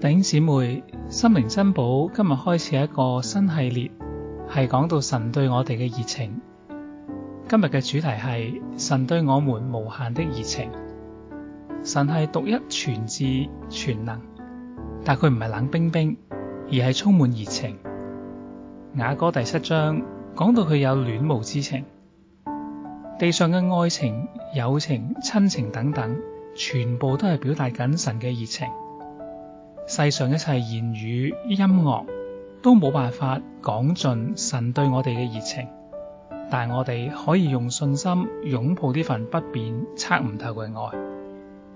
弟兄姊妹，心靈珍寶今日開始一個新系列，係講到神對我哋嘅熱情。今日嘅主題係神對我們無限的熱情。神係獨一全智全能，但佢唔係冷冰冰，而係充滿熱情。雅歌第七章講到佢有戀慕之情，地上嘅愛情、友情、親情等等，全部都係表達緊神嘅熱情。世上一切言語、音樂都冇辦法講盡神對我哋嘅熱情，但我哋可以用信心擁抱呢份不變、測唔透嘅愛。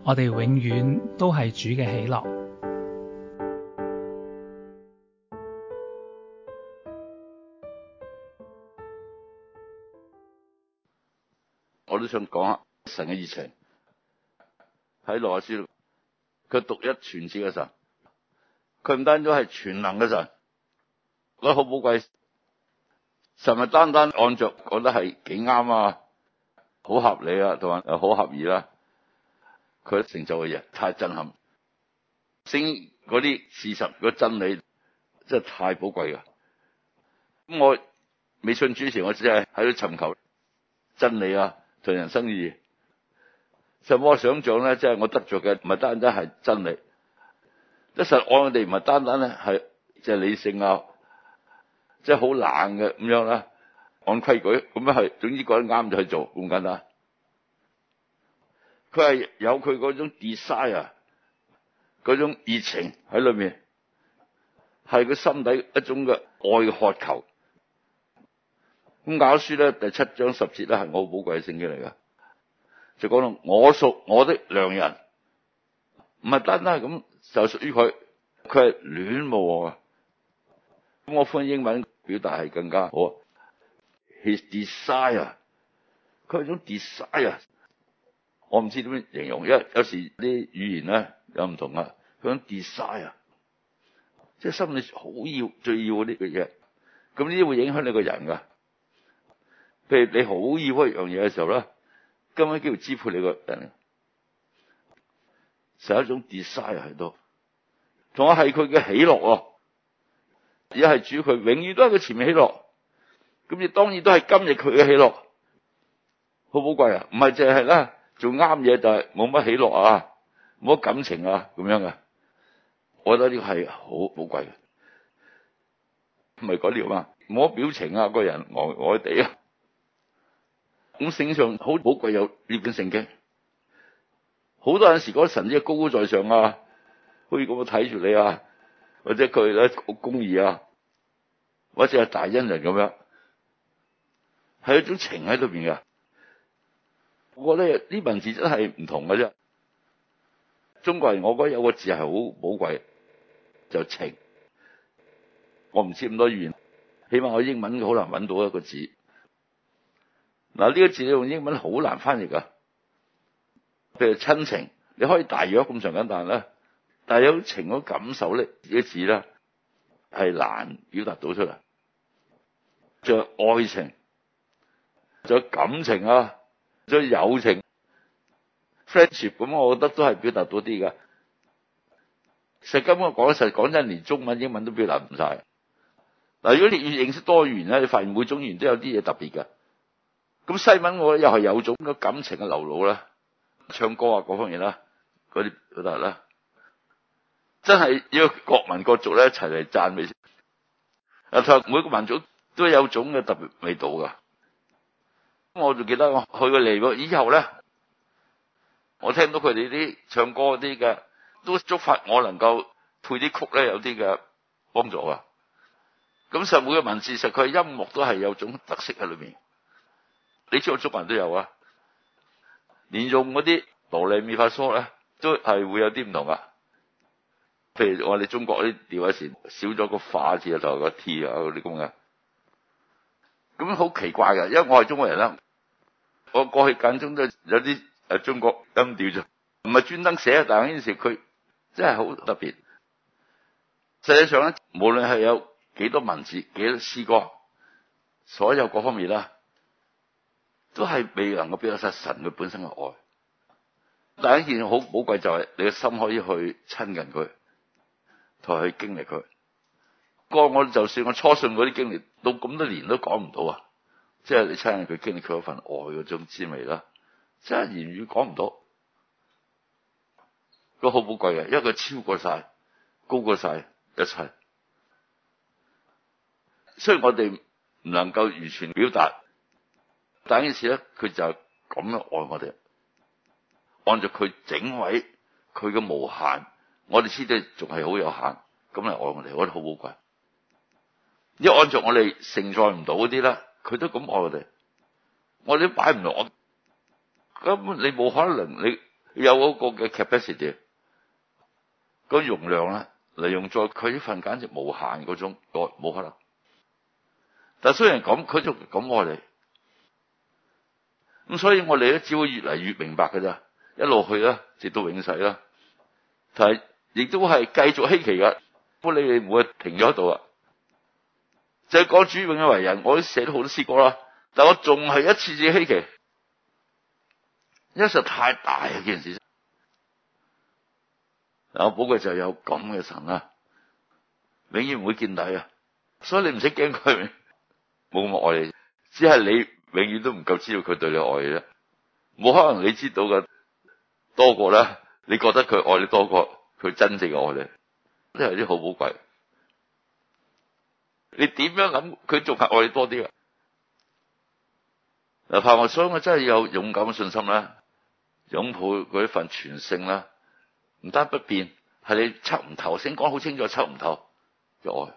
我哋永遠都係主嘅喜樂。我都想講下神嘅熱情喺《羅馬書》佢獨一全智嘅時候。佢唔單止係全能嘅神，佢好寶貴。神唔單單按着講得，係幾啱啊，好合理啊，同埋好合意啦。佢成就嘅嘢太震撼，星嗰啲事實、嗰真理真係太寶貴啊。咁我未信主前，我只係喺度尋求真理啊同人生意義。神，我想象咧？即係我得着嘅，唔係單單係真理。其實按我哋唔係單單咧係即係理性啊，即係好冷嘅咁樣啦，按規矩咁樣係，總之講得啱就去做咁簡單。佢係有佢嗰種 desire，嗰種熱情喺裏面，係佢心底一種嘅愛渴求。咁《雅歌書》咧第七章十節咧係我寶貴嘅聖經嚟㗎，就講到我屬我的良人，唔係單單係咁。就屬於佢，佢係戀慕我！咁我翻英文表達係更加好，his desire，佢係種 desire，我唔知點樣形容，因為有時啲語言咧有唔同啊，佢種 desire，即係心理好要最要嗰啲嘅嘢，咁呢啲會影響你個人㗎。譬如你好要一樣嘢嘅時候咧，根本叫做支配你個人，就係一種 design 喺度，同我係佢嘅喜樂哦、啊，亦係主佢永遠都係佢前面喜樂，咁亦當然都係今日佢嘅喜樂，好寶貴啊！唔係淨係啦，做啱嘢就係冇乜喜樂啊，冇乜感情啊，咁樣嘅，我覺得呢個係好寶貴嘅，唔係嗰啲嘛，冇乜表情啊，個人呆呆地啊，咁性上好寶貴有呢種成績。好多陣時，嗰神只高高在上啊，可以咁樣睇住你啊，或者佢係咧公義啊，或者係大恩人咁樣，係一種情喺裡邊嘅。我覺得呢文字真係唔同嘅啫。中國人，我覺得有個字係好寶貴，就是、情。我唔知咁多語言，起碼我英文好難搵到一個字。嗱、啊，呢、這個字你用英文好難翻譯啊。譬如親情，你可以大約咁長緊，但係咧，但係有情嗰感受咧，呢啲字咧係難表達到出嚟。仲有愛情，仲有感情啊，仲有友情，friendship 咁，friendship，我覺得都係表達到啲噶。其實根本我講實講真，連中文、英文都表達唔晒。嗱，如果你要認識多元咧，你發現每種語言都有啲嘢特別噶。咁西文我又係有種嘅感情嘅流露啦。唱歌啊，嗰方面啦，嗰啲嗰得啦，真係要各民各族咧一齊嚟讚美先。啊，每個民族都有種嘅特別味道噶。咁我仲記得我去過尼泊爾，以後咧，我聽到佢哋啲唱歌啲嘅，都觸發我能夠配啲曲咧，有啲嘅幫助啊。咁實每個文字，其實佢嘅音樂都係有種特色喺裏面。你知我中國人都有啊。連用嗰啲囉唎咪法書咧，都係會有啲唔同啊。譬如我哋中國啲調位線少咗個化字啊，同個 T 啊嗰啲咁嘅，咁好奇怪嘅。因為我係中國人啦，我過去簡中都有啲誒中國音調就唔係專登寫，但呢陣時佢真係好特別。實際上咧，無論係有幾多文字、幾多詩歌，所有各方面啦。都係未能夠表達晒神佢本身嘅愛，但一件好寶貴就係、是、你嘅心可以去親近佢，同埋去經歷佢。過，我就算我初信嗰啲經歷，到咁多年都講唔到啊！即係你親近佢，經歷佢嗰份愛嗰種滋味啦，即係言語講唔到，都好寶貴嘅，因為佢超過晒，高過晒一切。雖然我哋唔能夠完全表達。等件事咧，佢就咁樣愛我哋。按照佢整位，佢嘅無限，我哋知道仲係好有限。咁嚟愛我哋，我覺得很好寶貴。一按照我哋承載唔到嗰啲咧，佢都咁愛我哋。我哋都擺唔落，咁你冇可能你有嗰個嘅 capacity，個容量咧利用咗佢呢份簡直無限嗰種愛，冇可能。但雖然咁，佢就咁愛我哋。咁所以，我哋咧只會越嚟越明白噶咋，一路去啦，直到永世啦。但係亦都係繼續稀奇噶，你哋唔會停咗喺度啊。就係講主永嘅為人，我寫咗好多詩歌啦，但我仲係一次次稀奇，因為實在太大啊件事。啊，寶貴就有咁嘅神啊，永遠唔會見底啊，所以你唔使驚佢，冇咁愛你，只係你。永遠都唔夠知道佢對你愛嘅，冇可能你知道嘅多過啦。你覺得佢愛你多過佢真正愛你，呢係啲好寶貴。你點樣諗佢仲係愛你多啲嘅？嗱，盼望所以我真係有勇敢嘅信心啦，擁抱佢一份全勝啦，唔單不變，係你測唔透，先講好清楚，測唔透就愛。